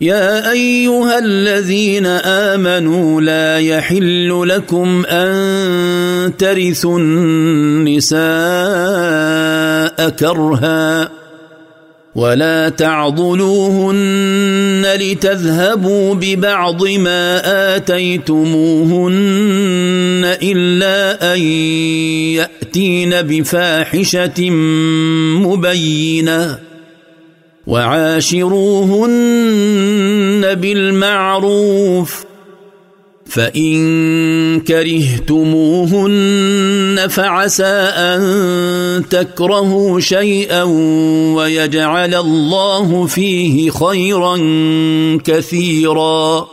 يا ايها الذين امنوا لا يحل لكم ان ترثوا النساء كرها ولا تعضلوهن لتذهبوا ببعض ما اتيتموهن الا ان ياتين بفاحشه مبينه وعاشروهن بالمعروف فان كرهتموهن فعسى ان تكرهوا شيئا ويجعل الله فيه خيرا كثيرا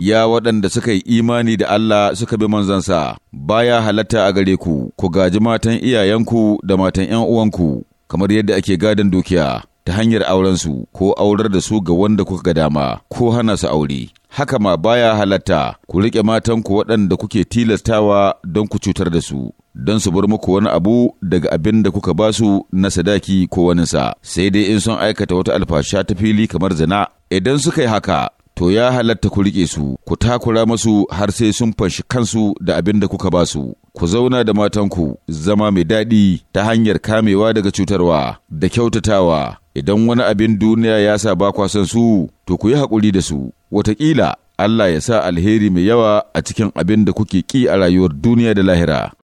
ya waɗanda suka yi imani da Allah suka bi manzansa, baya halatta a gare ku, ku gaji matan iyayenku da matan ’yan uwanku, kamar yadda ake gadon dukiya. ta hanyar aurensu ko aurar da su ga wanda kuka ga dama ko hana su aure. Haka ma baya halatta ku riƙe matanku waɗanda kuke tilastawa don ku cutar da su. don su bar muku wani abu daga abin da kuka ba su na sadaki ko waninsa, sai dai in sun aikata wata alfasha ta fili kamar zina. Idan suka yi haka, to ya halatta ku riƙe su, ku takura masu har sai sun fanshi kansu da abin da kuka ba su. Ku zauna da matanku zama mai daɗi ta hanyar kamewa daga cutarwa da kyautatawa idan wani abin duniya ya sa ba kwa su, to ku yi haƙuri da su, wataƙila Allah ya sa alheri mai yawa a cikin abin da kuke ƙi a rayuwar duniya da lahira.